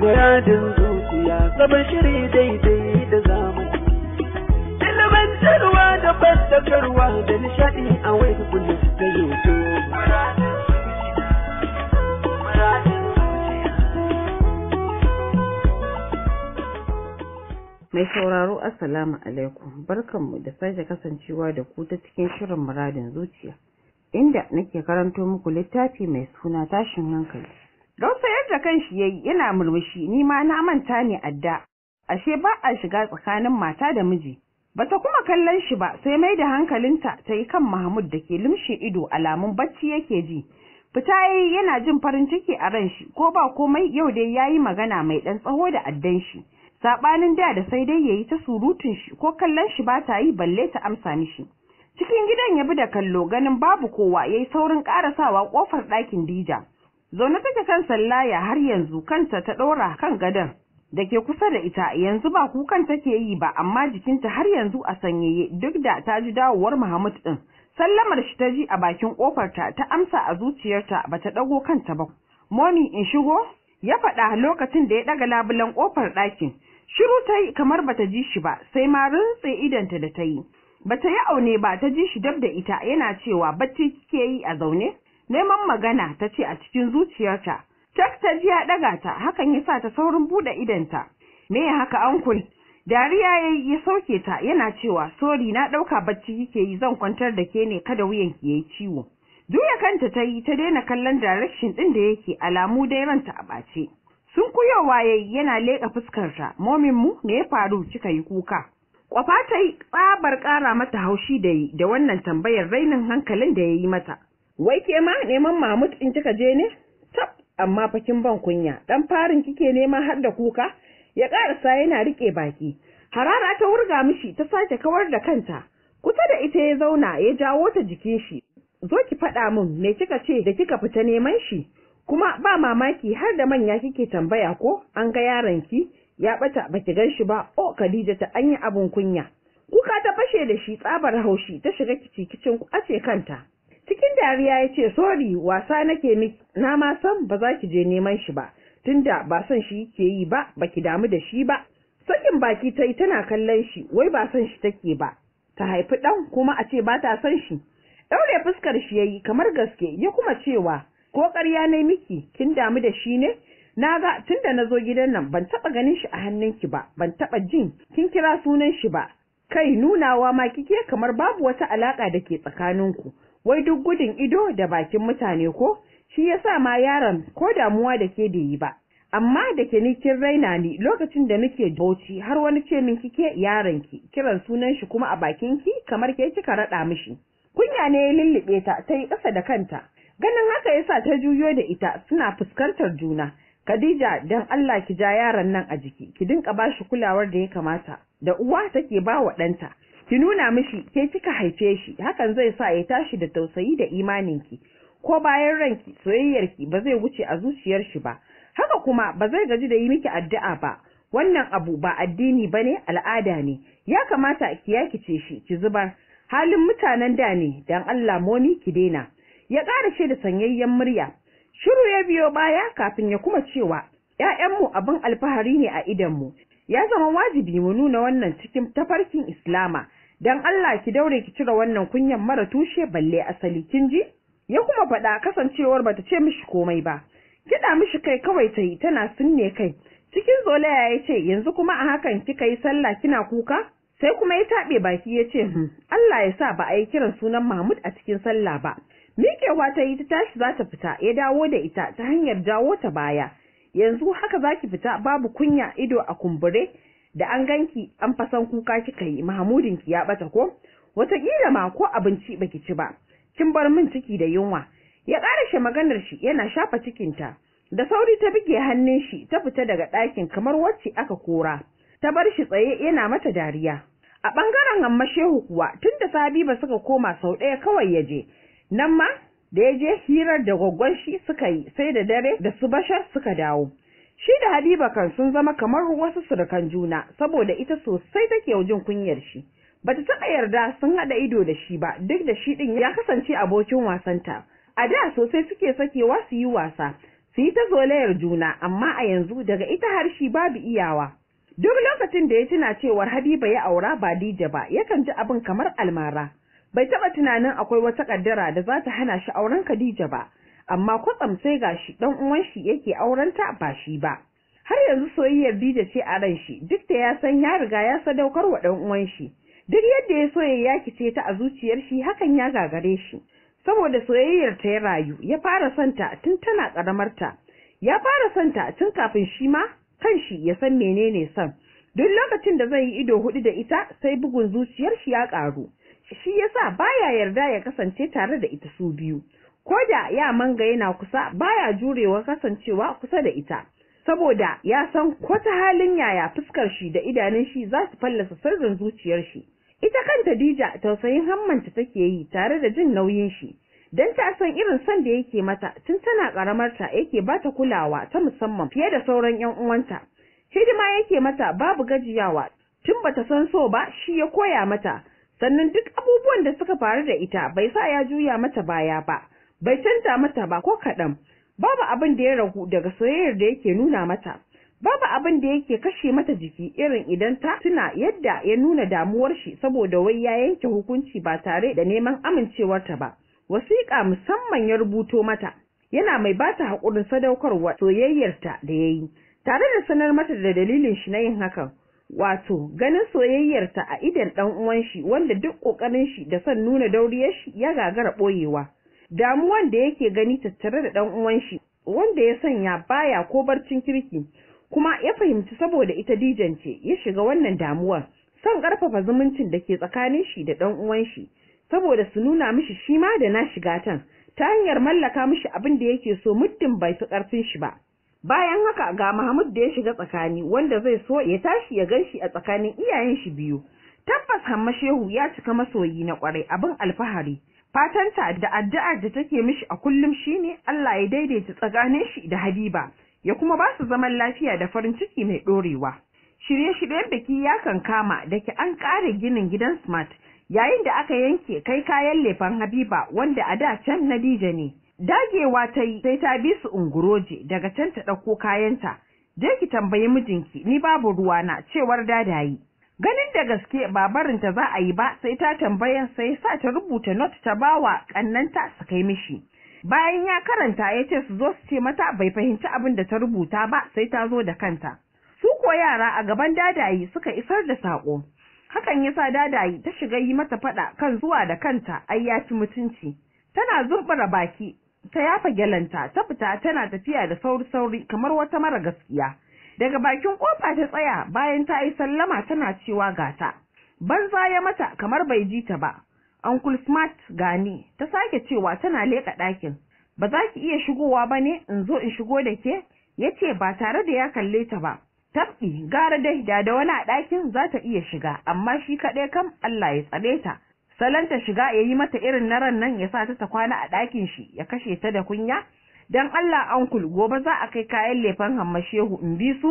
muradin zuciya gaban shiri daidai da zamani ilimantarwa da fadakarwa da nishadi a wai kullum da youtube Mai sauraro Assalamu alaikum barkanmu da sake kasancewa da ku ta cikin shirin muradin zuciya inda nake karanto muku littafi mai suna tashin hankali sayar da kan shi yayi yana murmushi ni ma na manta ne adda. Ashe ba a shiga tsakanin mata da miji. Bata kuma kallon shi ba sai mai da hankalinta ta yi kan Mahmud da ke limshe ido alamun bacci yake ji. Fita yayi yana jin farin ciki a ran shi ko ba komai yau dai yayi magana mai dan tsaho da addan shi. Sabanin da da sai dai yayi ta surutun shi ko kallon shi ba ta yi balle ta amsa mishi. Cikin gidan ya bi da kallo ganin babu kowa yayi saurin karasawa kofar ɗakin Dija. Zaune take kan sallaya har yanzu kanta ta ɗora kan gadon da ke kusa da ita yanzu ba kukan take yi ba amma jikinta har yanzu a sanyaye duk da ta ji dawowar Muhammad ɗin. Sallamar shi ta ji a bakin ƙofarta ta amsa a zuciyarta ba ta ɗago kanta ba. Moni in shigo? Ya faɗa lokacin da ya ɗaga labulen ƙofar ɗakin. Shiru ta yi kamar bata ji shi ba sai ma rintse idanta da ta yi. Bata yi aune ba ta ji shi dab da ita yana cewa bacci kike yi a zaune? neman magana ta ce a cikin zuciyarta tak ta ji ya ɗaga ta hakan ya sa ta saurin buɗe idanta me ya haka ankul dariya ya yi sauke ta yana cewa sori na ɗauka bacci kike yi zan kwantar da ke ne kada wuyan ki yayi ciwo juya kanta ta yi ta daina kallon direction ɗin da yake alamu dai ranta a ɓace sun kuyowa yayi yana leƙa fuskarta momin mu me ya faru kika yi kuka kwafa ta yi tsabar ƙara mata haushi da yi da wannan tambayar rainin hankalin da ya yi mata wai ke ma neman mamut in kika je ne tab amma fa kin ban kunya dan farin kike nema har da kuka ya karasa yana rike baki harara ta wurga mishi ta sake kawar da kanta kusa da ita ya zauna ya jawo ta jikin shi zo ki faɗa min me kika ce da kika fita neman shi kuma ba mamaki har da manya kike tambaya ko an ga yaron ki ya bata baki gan shi ba o Khadija ta anyi abun kunya kuka ta fashe da shi tsabar haushi ta shiga ku ace kanta dariya ya ce sori wasa nake miki na ma san ba za ki je neman shi ba tunda ba son shi ke yi ba baki damu da shi ba sakin baki ta yi tana kallon shi wai ba son shi take ba ta haifi ɗan kuma a ce ba ta son shi ɗaure fuskar shi ya yi kamar gaske ya kuma cewa ko ƙarya ne miki kin damu da shi ne na ga tunda na zo gidan nan ban taɓa ganin shi a hannun ki ba ban taɓa jin kin kira sunan shi ba kai nunawa ma kike kamar babu wata alaƙa da ke tsakaninku wai duk gudun ido da bakin mutane ko shi ya sa ma yaron ko damuwa da ke da yi ba amma da ke ni kin raina ni lokacin da nake bauchi har wani ce min kike yaron ki kiran sunan shi kuma a bakin ki kamar ke kika rada mishi kunya ne ya lullube ta ta yi ƙasa da kanta ganin haka yasa ta juyo da ita suna fuskantar juna Khadija dan Allah ki ja yaron nan a jiki ki dinka bashi kulawar da ya kamata da uwa take ba wa ɗanta ki nuna mishi ke kika haife shi hakan zai sa ya tashi da tausayi da imaninki ko bayan ranki soyayyarki ba zai wuce a zuciyar shi ba haka kuma ba zai gaji da yi miki addu'a ba wannan abu ba addini ba ne? al'ada ne ya kamata ki yakice shi ki zubar halin mutanen da ne dan Allah moni ki daina ya ƙara shi da sanyayyen murya shiru ya biyo baya kafin ya kuma cewa ‘ya'yanmu abin alfahari ne a idanmu, ya zama wajibi mu nuna wannan cikin tafarkin Islama, dan Allah ki daure ki cire wannan kunyan mara tushe balle asali kin ji ya kuma faɗa kasancewar bata ce mishi komai ba kiɗa mishi kai kawai ta yi tana sunne kai cikin zolaya ya ce yanzu kuma a hakan kika yi sallah kina kuka sai kuma ya taɓe baki ya ce hmm, Allah ya sa ba a yi kiran sunan Mahmud a cikin sallah ba mikewa ta yi ta tashi za ta fita ya dawo da ita ta hanyar jawo ta baya yanzu haka zaki fita babu kunya ido a kumbure da an ganki an fasan kuka kika yi mahamudin ki ya bata ko wataƙila ma ko abinci baki ci ba kin bar min ciki da yunwa ya ƙarashe maganar shi yana shafa cikinta da sauri ta buge hannun shi ta fita daga ɗakin kamar wacce aka kora ta bar shi tsaye yana mata dariya a ɓangaren amma shehu kuwa tun da ba suka koma sau ɗaya kawai ya je nan ma da ya je hirar da gwaggon shi suka yi sai da dare da su bashar suka dawo Shi da Habiba kan sun zama kamar wasu surukan juna saboda ita sosai take jin kunyar shi. Bata taɓa yarda sun haɗa ido da shi ba duk da shi ɗin ya kasance abokin wasanta. A da sosai suke sakewa su yi wasa, su yi ta zolayar juna amma a yanzu daga ita har shi babu iyawa. Duk lokacin da ya tuna cewar Habiba ya aura ba Dija ba, yakan ji abin kamar almara. Bai taɓa tunanin akwai wata ƙaddara da za ta hana shi auren Khadija ba, amma kwatsam sai gashi dan uwan shi yake aurenta ba shi ba har yanzu soyayyar Dija ce a ran shi duk da ya san ya riga ya sadaukar wa dan uwan shi duk yadda ya so ya ce ta a zuciyar shi hakan ya gagare shi saboda soyayyar ta ya rayu ya fara santa tun tana karamar ta ya fara santa tun kafin shi ma kan shi ya san menene son duk lokacin da zai yi ido hudu da ita sai bugun zuciyar shi ya karu shi yasa baya yarda ya kasance tare da ita su biyu ko da ya manga yana kusa baya jurewa kasancewa kusa da ita saboda ya san kwata halin yaya fuskar shi da idanun shi za su fallasa sirrin zuciyar shi ita kanta Dija tausayin hammanta take yi tare da jin nauyin shi dan ta san irin son da yake mata tun tana ta yake bata kulawa ta musamman fiye da sauran yan uwanta hidima yake mata babu gajiyawa tun bata san so ba shi ya koya mata sannan duk abubuwan da suka faru da ita bai sa ya juya mata baya ba bai canza mata ba ko kaɗan babu abin da ya ragu daga soyayyar da yake nuna mata babu abin da yake kashe mata jiki irin idan ta tuna yadda ya nuna damuwar shi saboda wai ya yanke hukunci ba tare da neman amincewarta ba wasiƙa musamman ya rubuto mata yana mai ba ta haƙurin sadaukarwa soyayyarta da ya tare da sanar mata da dalilin shi na yin hakan wato ganin soyayyarta a idon ɗan uwan shi wanda duk ƙoƙarin shi da son nuna dauriyar shi ya gagara ɓoyewa damuwan da yake gani tattare da dan uwan shi wanda ya sanya baya ko barcin kirki kuma ya fahimci saboda ita dijan ce ya shiga wannan damuwar son ƙarfafa zumuncin da ke tsakanin shi da dan uwan shi saboda su nuna mishi shi ma da na shiga tan ta hanyar mallaka mishi abin da yake so muddin bai fi ƙarfin shi ba bayan haka ga Mahmud da ya shiga tsakani wanda zai so ya tashi ya ganshi a tsakanin iyayen shi biyu tabbas Hamma Shehu ya cika masoyi na kwarai abin alfahari fatanta da addu'ar da take mishi a kullum shine Allah ya daidaita tsakanin shi da Habiba ya kuma ba su zaman lafiya da farin ciki mai ɗorewa. Shirye-shiryen biki ya kankama da ke an ƙare ginin gidan Smart yayin da aka yanke kai kayan lefen Habiba wanda a da can na Dija ne. Dagewa ta yi sai ta bi su unguroje daga can ta ɗauko kayanta. Je ki tambayi mijinki ni babu ruwana cewar dadayi. ganin da gaske ba barinta za a yi ba sai ta tambaya sai sa ta rubuta not ta bawa kannanta su kai mishi bayan ya karanta ya ce su zo su ce mata bai fahimci abin da ta rubuta ba sai ta zo da kanta su ko yara a gaban dadayi suka isar da sako hakan ya sa dadayi ta shiga yi mata fada kan zuwa da kanta ai ya ci mutunci tana zumbura baki ta yafa gyalanta ta fita tana tafiya da sauri sauri kamar wata mara gaskiya daga bakin kofa ta tsaya bayan ta yi sallama tana cewa gata banza ya mata kamar bai ji ta ba uncle smart gani ta sake cewa tana leka ɗakin ba za ki iya shigowa ba ne in zo in shigo da ke ya ce ba tare da ya kalle ta ba tabbi gara dai da da wani a ɗakin za ta iya shiga amma shi kaɗai kam Allah ya tsare ta salon ta shiga ya yi mata irin na ran nan ya sa ta ta kwana a ɗakin shi ya kashe ta da kunya don Allah ankul gobe za a kai kayan lefan hammashehu in bi su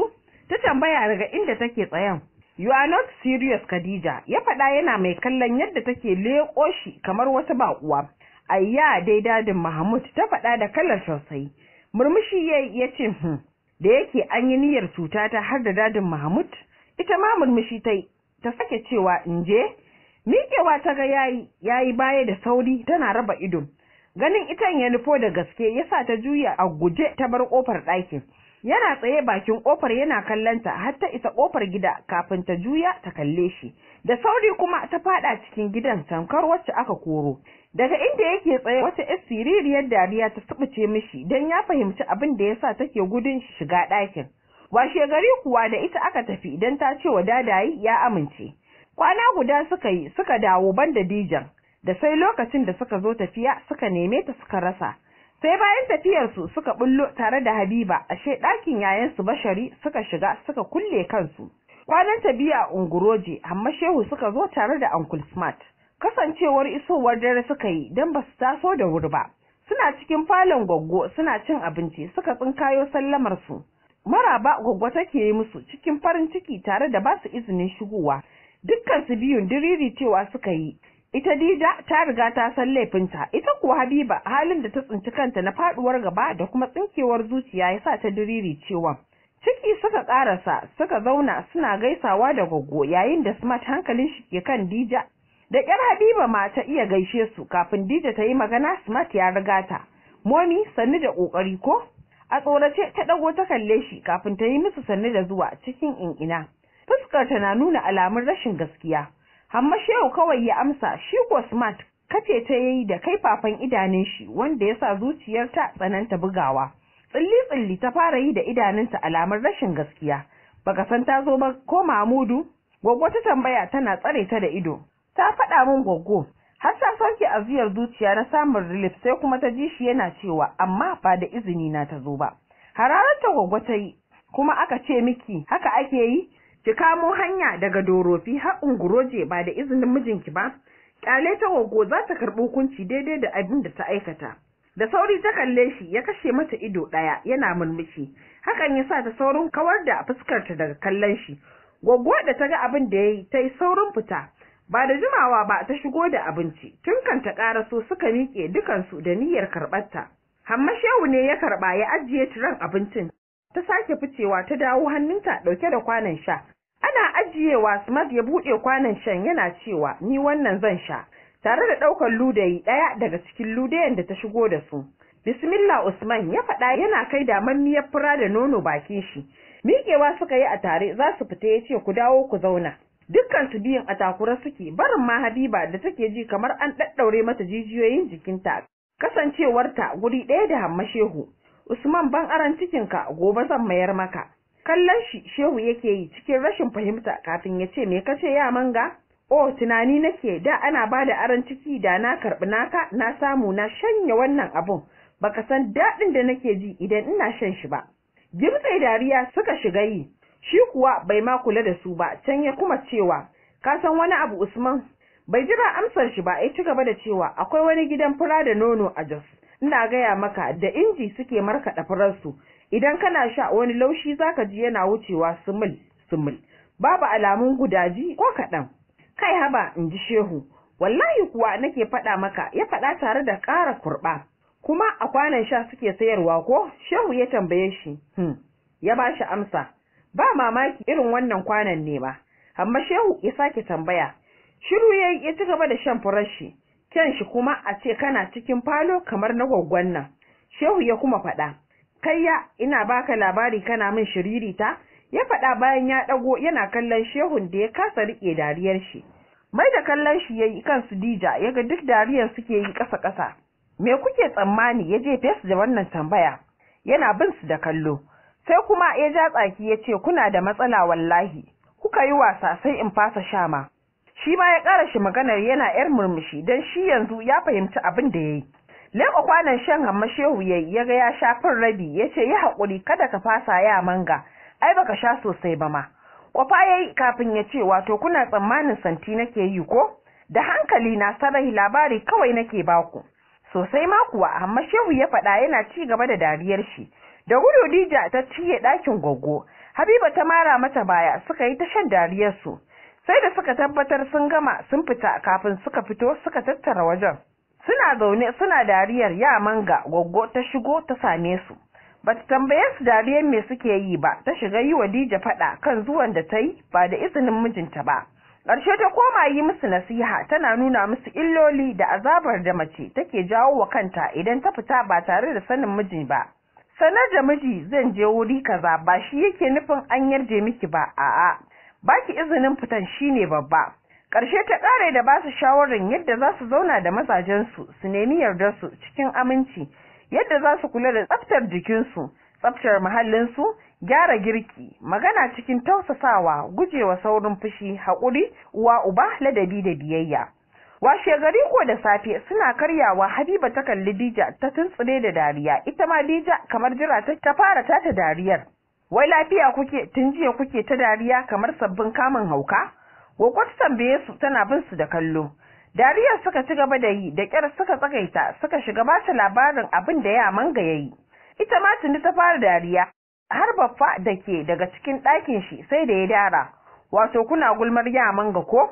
ta tambaya daga inda take tsayan you are not serious Khadija ya faɗa yana mai kallon yadda take leƙo shi kamar wata baƙuwa ayya dai dadin Mahmud ta faɗa da kalar sosai murmushi ya ce hmm. da yake an yi niyyar cuta ta har da dadin Mahmud ita ma murmushi ta ta sake cewa in je miƙewa ta ga yayi yayi baya da sauri tana raba ido ganin itan ya nufo da gaske yasa ta juya a guje ta bar kofar ɗakin yana tsaye bakin kofar yana kallanta har ta isa kofar gida kafin ta juya ta kalle shi da sauri kuma ta fada cikin gidan tamkar wacce aka koro daga inda yake tsaye wata yar siririyar dariya ta tsubuce mishi don ya fahimci abin da yasa take gudun shiga ɗakin washe gari kuwa da ita aka tafi idan ta ce wa dadayi ya amince kwana guda suka yi suka dawo banda dijan da sai lokacin da suka zo tafiya suka neme ta suka rasa sai bayan tafiyar su suka bullo tare da Habiba ashe ɗakin yayan su Bashari suka shiga suka kulle kansu kwanan ta biya unguroje amma shehu suka zo tare da Uncle Smart kasancewar isowar dare suka yi don ba su taso da wuri ba suna cikin falon gwaggo suna cin abinci suka tsinkayo sallamar su maraba gwaggo take yi musu cikin farin ciki tare da basu izinin shigowa dukkan su biyun diriri cewa suka yi ita dija ta riga ta san laifinta ita kuwa habiba halin da ta tsinci kanta na faduwar gaba da kuma tsinkewar zuciya ya sa ta diriri cewa ciki suka karasa suka zauna suna gaisawa da goggo yayin da smart hankalin shi ke kan dija da kyar habiba ma ta iya gaishe su kafin dija ta yi magana smart ya riga ta momi sannu da ƙoƙari, ko a tsorace ta ɗago ta kalle shi kafin ta yi musu sannu da zuwa cikin in'ina Fuskarta na nuna alamun rashin gaskiya Hamma Shehu kawai ya amsa shi ko smart kace ta yayi da kai fafan idanun shi wanda ya sa zuciyarta tsananta bugawa. Tsilli tsilli ta fara yi da idanunta alamar rashin gaskiya. Baka san ta zo ba ko Mahmudu? Gwaggo ta tambaya tana tsare ta da ido. Ta faɗa min gwaggo. Har ta sauke aziyar zuciya na samun relief sai kuma ta ji shi yana cewa amma ba da izini na ta zo ba. Hararar ta gwaggo ta yi kuma aka ce miki haka ake yi ki kamo hanya daga dorofi har unguroje ba da izinin mijinki ba kyale ta wago za ta karɓi hukunci daidai da abin da ta aikata da sauri ta kalle shi ya kashe mata ido ɗaya yana murmushi hakan ya sa ta saurin kawar da fuskarta daga kallon shi gwaggo da ta ga abin da ya yi ta yi saurin fita ba da jimawa ba ta shigo da abinci tun kan ta ƙara su suka miƙe dukansu da niyyar karɓarta hamma shehu ne ya karɓa ya ajiye tiran abincin ta sake ficewa ta dawo hannunta ɗauke da kwanan sha ana ajiyewa Smart ya bude kwanan shan yana cewa ni wannan zan sha tare da daukar ludayi ɗaya daga cikin ludayen da ta shigo da su Bismillah Usman ya faɗa yana kai da miyar fura da nono bakin shi miƙewa suka yi a tare za su fita ya ce ku dawo ku zauna dukkan su biyun a takura suke barin ma Habiba da take ji kamar an ɗaɗɗaure mata jijiyoyin jikinta kasancewarta guri ɗaya da Hamma Shehu Usman ban aran cikinka gobe zan mayar maka. Kallon shi shehu yake yi cikin rashin fahimta kafin ya ce me kace ya manga? Oh tunani nake da ana ba da aran ciki da na karɓi naka na samu na shanya wannan abun. Baka san daɗin da nake ji idan ina shan shi ba. Gimtsai dariya suka shiga yi. Shi kuwa bai ma kula da su ba can ya kuma cewa ka san wani abu Usman bai jira amsar shi ba ya ci gaba da cewa akwai wani gidan fura da nono a Jos. ina gaya maka da inji suke markaɗa fararsu idan kana sha wani laushi zaka ji yana wucewa sumul sumul babu alamun gudaji ko kaɗan kai haba in ji shehu wallahi kuwa nake faɗa maka ya faɗa tare da ƙara kurɓa kuma a kwanan sha suke sayarwa ko shehu ya tambaye shi hmm. ya ba shi amsa ba mamaki irin wannan kwanan ne ba amma shehu ya sake tambaya shiru ya ya ci gaba da shan furashi kyan shi kuma a ce kana cikin falo kamar na gwaggon nan shehu ya kuma faɗa kayya ina baka labari kana min shiririta ya faɗa bayan ya ɗago yana kallon shehun da ya kasa riƙe dariyar shi mai da kallon shi ya yi kansu dija ya ga duk dariyar suke yi ƙasa ƙasa me kuke tsammani ya je su da wannan tambaya yana bin su da kallo sai kuma ya ja tsaki ya ce kuna da matsala wallahi kuka yi wasa sai in fasa shama shi ma ya ƙara shi maganar yana yar murmushi don shi yanzu ya fahimci abin da ya yi leƙa kwanan shan hamma shehu ya ya ga ya sha rabi ya ce yi haƙuri kada ka fasa ya manga ai baka sha sosai ba ma kwafa ya yi kafin ya ce wato kuna tsammanin santi nake yi ko da hankali na sarai labari kawai nake baku sosai ma kuwa amma shehu ya faɗa yana ci gaba da dariyar shi da gudu dija ta ciye ɗakin gwaggo habiba ta mara mata baya suka yi ta shan dariyar su sai da suka tabbatar sun gama sun fita kafin suka fito suka tattara wajen suna zaune suna dariyar ya manga gwaggo ta shigo ta same su bata tambaye su dariyar me suke yi ba ta shiga yi wa dija faɗa kan zuwan da ta yi ba da izinin mijinta ba ƙarshe ta koma yi musu nasiha tana nuna musu illoli da azabar da mace take jawo wa kanta idan ta fita ba tare da sanin miji ba sanar da miji zan je wuri kaza ba shi yake nufin an yarje miki ba a'a baki izinin fitan shine babba ƙarshe ta ƙare da ba su shawarar yadda za su zauna da mazajensu su nemi yardarsu cikin aminci yadda za su kula da tsaftar jikinsu tsaftar muhallinsu gyara girki magana cikin tausasawa gujewa saurin fushi haƙuri uwa uba ladabi da biyayya washe gari ko da safe suna karyawa habiba ta kalli dija ta tuntsune da dariya ita ma dija kamar jira ta fara tata dariyar wai lafiya kuke tun jiya kuke ta dariya kamar sabbin kamun hauka gogo tambaye su tana bin su da kallo dariyar suka ci gaba da yi da kyar suka tsagaita suka shiga ba ta labarin abin da ya manga ya yi. ita ma tuni ta fara dariya har baffa da ke daga cikin ɗakin shi sai da ya dara wato kuna gulmar ya manga ko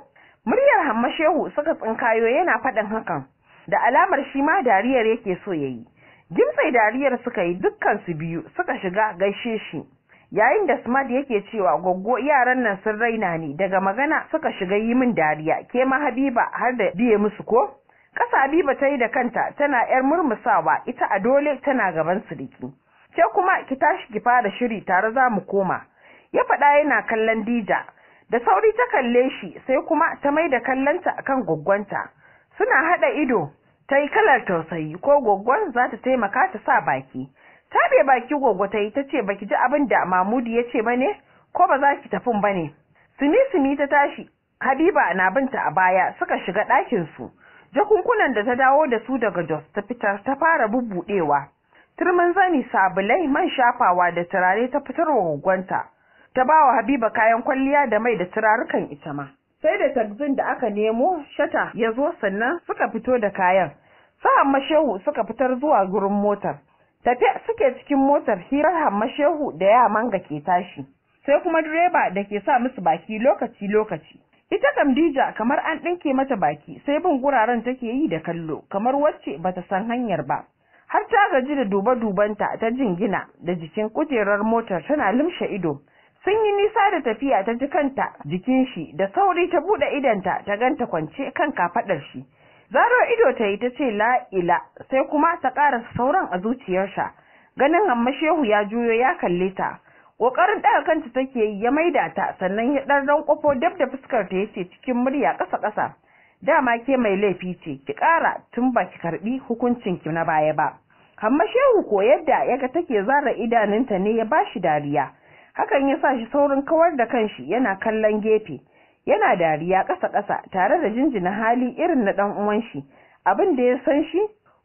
muryar hamma shehu suka tsinkayo yana faɗin hakan da alamar shi ma dariyar yake so ya yi. jimsai dariyar suka yi dukkan su biyu suka shiga gaishe shi yayin da smart yake cewa goggo yaran nan sun raina ni daga magana suka shiga yi min dariya ke ma habiba har da biye musu ko kasa habiba ta yi da kanta tana yar murmusawa ita a dole tana gaban siriki ke kuma ki tashi ki fara shiri tare za mu koma ya faɗa yana kallon dija da sauri ta kalle shi sai kuma ta mai da kallonta akan goggonta suna haɗa ido ta yi kalar tausayi ko goggon za ta taimaka ta sa baki tabe baki goggo ta ce tace baki ji abin da Mahmudi ya ce bane ko ba za ki tafin bane sumi sumi ta tashi Habiba na binta a baya suka shiga ɗakin su jakunkunan da ta dawo da su daga Jos ta fitar ta fara bubbudewa turmin zani sabulai man shafawa da turare ta fitar wa goggonta ta ba wa Habiba kayan kwalliya da mai da turarukan ita ma sai da tagzin da aka nemo shata ya zo sannan suka fito da kayan sa'an mashehu suka fitar zuwa gurin motar Tafe suke cikin motar hirar hammashehu da ya manga ke tashi sai kuma direba da ke sa musu baki lokaci lokaci ita kamdija kamar an ɗinke mata baki sai bin guraren take yi da kallo kamar wacce ba ta san hanyar ba har ta gaji da duba-dubanta ta jingina da jikin kujerar motar tana limshe ido sun yi nisa da tafiya ta ji kanta jikin shi da sauri ta buɗe idanta ta ganta kwance kan kafaɗar shi zaro ido ta yi ta ce la'ila sai kuma ta ƙara sauran a zuciyarsa ganin Amma shehu ya juyo ya kalle ta ƙoƙarin ɗaga kanta take yi ya maida ta sannan ya ɗan ran ƙofo dab da fuskar ta yace cikin murya ƙasa ƙasa dama ke mai laifi ce ki ƙara tun ba ki karɓi hukuncin ki na baya ba Amma shehu ko yadda yaga take zara idanunta ne ya bashi dariya hakan ya sa shi saurin kawar da kanshi yana kallon gefe yana dariya ƙasa-ƙasa tare da jinjina hali irin na ɗan uwan shi abin da ya san shi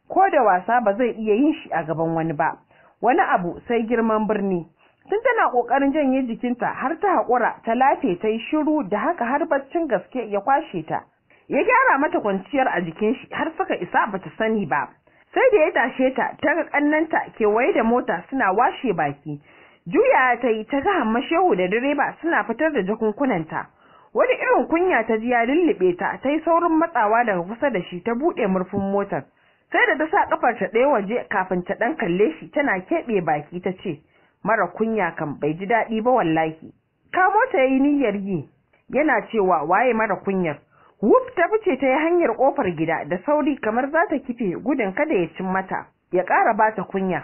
ko da wasa ba zai iya yin shi a gaban wani ba wani abu sai girman birni tun tana ƙoƙarin janye jikinta har ta haƙura ta lafe ta yi shiru da haka har baccin gaske ya kwashe ta ya gyara mata kwanciyar a jikin shi har suka isa bata sani ba sai da ya tashe ta ta ga ƙannanta kewaye da mota suna washe baki juya ta yi ta ga hamma shehu da direba suna fitar da jakunkunanta wani irin kunya ta ji ya lullube ta ta yi saurin matsawa daga kusa da shi ta buɗe murfin motar sai da ta sa kafar ta ɗaya waje kafin ta ɗan kalle shi tana keɓe baki ta ce mara kunya kan bai ji daɗi ba wallahi ka mota yi niyyar yi yana cewa waye mara kunyar wuf ta fice ta yi hanyar ƙofar gida da sauri kamar za ta kife gudun kada ya cin mata ya ƙara ba ta kunya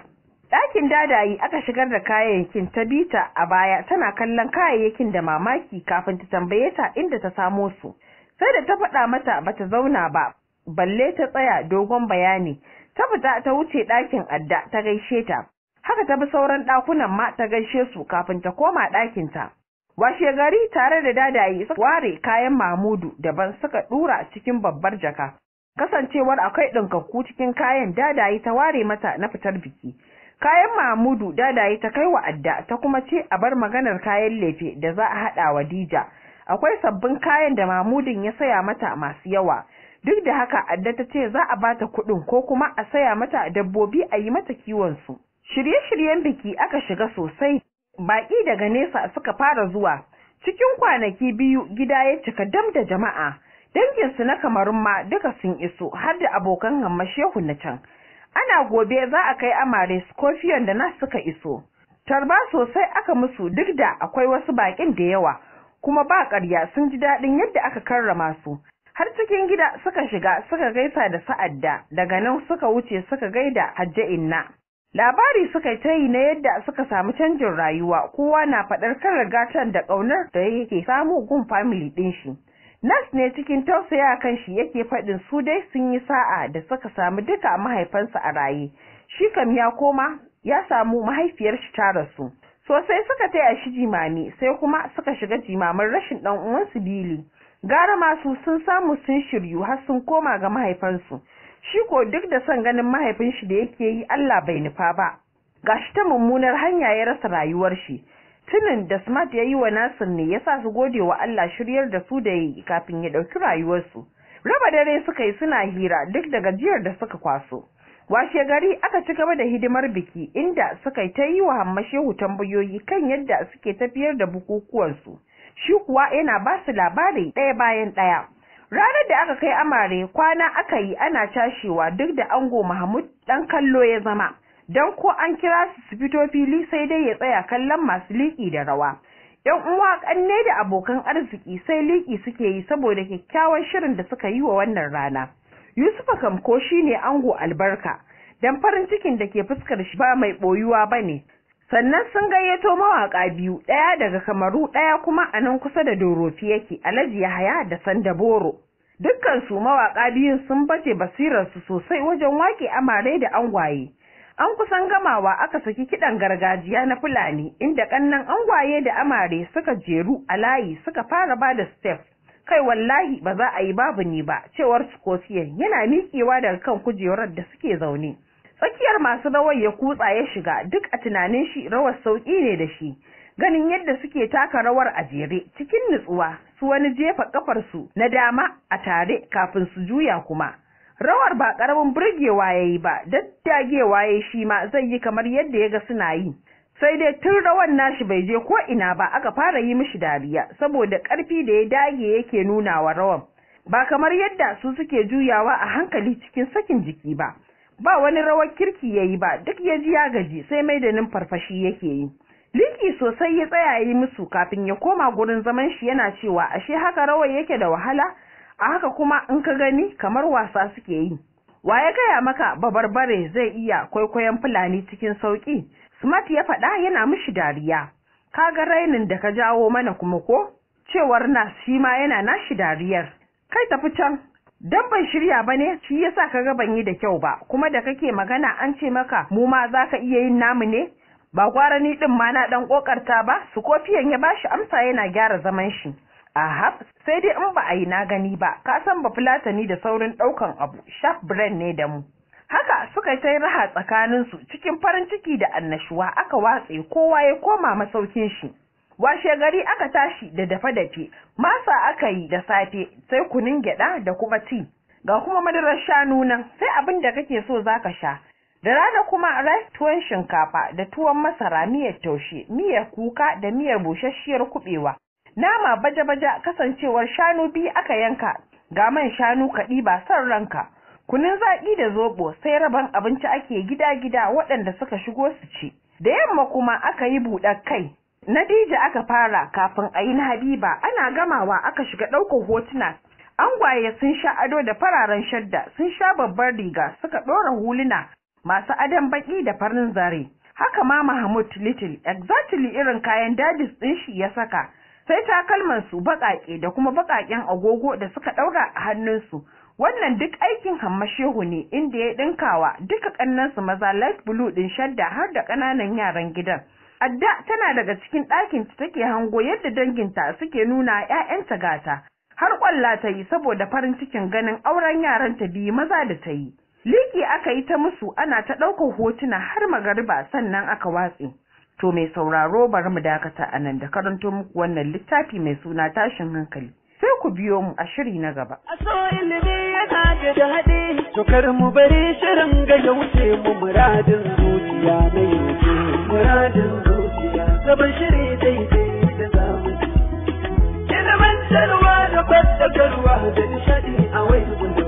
ɗakin dadayi aka shigar da kayayyakin ta bita a baya tana kallon kayayyakin da mamaki kafin ta tambaye ta inda ta samo su sai da ta faɗa mata bata zauna ba balle ta tsaya dogon bayani ta fita ta wuce ɗakin adda ta gaishe ta haka ta bi sauran ɗakunan ma ta gaishe su kafin ta koma ɗakinta washe gari tare da dadayi suka ware kayan mamudu daban suka ɗura cikin babbar jaka kasancewar akwai ɗinkakku cikin kayan dadayi ta ware mata na fitar biki kayan mahmudu yi ta kai wa adda ta kuma ce a bar maganar kayan lefe da za a haɗa wa dija akwai sabbin kayan da mahmudin ya saya mata masu yawa duk da haka adda ta ce za a bata kuɗin ko kuma a saya mata dabbobi a yi mata kiwon shirye-shiryen biki aka shiga sosai baƙi daga nesa suka fara zuwa cikin kwanaki biyu gida ya cika dam da jama'a danginsu na kamarun ma duka sun iso har da abokan hamma shehu na can ana gobe za a kai amare scorpion da na suka iso tarba sosai aka musu duk da akwai wasu bakin da yawa kuma ba ƙarya sun ji daɗin yadda aka karrama su har cikin gida suka shiga suka gaisa da sa'adda daga nan suka wuce suka gaida hajja inna labari suka ta yi na yadda suka samu canjin rayuwa kowa na faɗar kan ragatan da ƙaunar da yake samu gun famili ɗin shi nas ne cikin tausaya kan shi yake faɗin su dai sun yi sa'a da suka samu duka mahaifansa a raye shi kam ya koma ya samu mahaifiyar shi ta rasu sosai suka taya shi jimami sai kuma suka shiga jimamin rashin ɗan uwansu bili gara masu sun samu sun shiryu har sun koma ga mahaifansu shi ko duk da son ganin mahaifin shi da yake yi Allah bai nufa ba gashi ta mummunar hanya ya rasa rayuwar shi tunin da smart ya yi wa nasir ne ya sa su gode wa allah shiryar da su da yi kafin ya ɗauki rayuwarsu raba dare suka yi suna hira duk da gajiyar da suka kwaso washe gari aka ci gaba da hidimar biki inda suka ta yi wa hamma shehu tambayoyi kan yadda suke tafiyar da bukukuwansu shi kuwa yana ba su labari ɗaya bayan ɗaya ranar da aka kai amare kwana aka yi ana cashewa duk da ango mahmud ɗan kallo ya zama don ko an kira su su fito fili sai dai ya tsaya kallon masu liƙi da rawa yan uwa ƙanne da abokan arziki sai liƙi suke yi saboda kyakkyawan shirin da suka yi wa wannan rana yusufa kamko ne ango albarka don farin cikin da ke fuskar shi ba mai ɓoyuwa ba ne sannan sun gayyato mawaƙa biyu ɗaya daga kamaru ɗaya kuma a nan kusa da dorofi yake alhaji yahaya da sanda boro dukkan mawaƙa biyun sun baje basirarsu sosai wajen waƙe amare da angwaye An kusan gamawa aka saki kiɗan gargajiya na Fulani inda ƙannan angwaye da amare suka jeru a layi suka fara ba da step. Kai wallahi ba za a yi babu ni ba cewar Scotian yana miƙewa daga kan kujerar da suke zaune. Tsakiyar masu rawar ya kutsa ya shiga duk a tunanin shi rawar sauƙi ne da shi. Ganin yadda suke taka rawar a jere cikin nutsuwa su wani jefa kafarsu na dama a tare kafin su juya kuma. rawar ba karamin burgewa ya yi ba daddagewa ya shi ma zai yi kamar yadda ya ga suna yi sai dai tun rawan nashi bai je ko ina ba aka fara yi mishi dariya saboda karfi da ya dage yake nuna wa rawan ba kamar yadda su suke juyawa a hankali cikin sakin jiki ba ba wani rawar kirki ya yi ba duk ya ji ya gaji sai mai da numfarfashi yake yi liki sosai ya tsaya yi musu kafin ya koma gurin zaman shi yana cewa ashe haka rawar yake da wahala a haka kuma in ka gani kamar wasa suke yi Wa ya gaya maka babarbare zai iya kwaikwayon fulani cikin sauki smart ya faɗa yana mishi dariya Ka ga rainin da ka jawo mana kuma ko cewar na shi ma yana nashi dariyar kai tafi can dan ban shirya ba ne shi yasa ka ban yi da kyau ba kuma da kake magana an ce maka mu ma za ka iya yin namu ne ba gwara ni din ma na ɗan ƙoƙarta ba su kofiyan ya bashi amsa yana gyara zaman shi ahab sai dai in ba a yi na gani ba ka san ba fulatani da saurin ɗaukan abu Shaf brand ne da mu haka suka yi raha tsakaninsu cikin farin ciki da annashuwa aka watse kowa ya koma masaukin shi washe gari aka tashi da dafe-dafe masa aka yi da safe sai kunun gyaɗa da kuma ti ga kuma madarar shanu nan sai abin da kake so zaka sha da rana kuma rai, tuwon shinkafa da tuwon masara miyar taushe miyar kuka da miyar busasshiyar kuɓewa nama baja-baja kasancewar shanu biyu aka yanka ga man shanu kaɗi ba son ranka kunun zaƙi da zobo sai rabon abinci ake gida-gida waɗanda suka shigo su ci da yamma kuma aka yi buɗar kai Na Dija aka fara kafin a yi na Habiba ana gamawa aka shiga ɗaukar hotuna angwaye sun sha ado da fararen shadda sun sha babbar riga suka ɗora huluna masu adon baƙi da farin zare haka ma Mahmud Little exactly irin kayan dadis ɗin shi ya saka sai takalman su baƙaƙe da kuma baƙaƙen agogo da suka ɗaura a hannunsu wannan duk aikin hammashehu ne inda ya ɗinkawa duka ƙannansu maza light blue ɗin shadda har da ƙananan yaran gidan adda tana daga cikin ɗakin ta take hango yadda danginta suke nuna ‘ya'yanta gata har ƙwalla ta yi saboda farin cikin ganin auren yaranta biyu maza da ta yi liki aka yi ta musu ana ta ɗaukar hotuna har magariba sannan aka watse To mai sauraro bari mu dakata a nan da karanto muku wannan littafi mai suna tashin hankali. Sai ku biyo mu a shiri na gaba. A so ilimi yana da daɗi, to kar mu bari shirin ga ya wuce mu muradin zuciya na yanzu. Muradin zuciya, gaban shiri daidai da zamani. Ilimantarwa da fadakarwa da nishaɗi a wai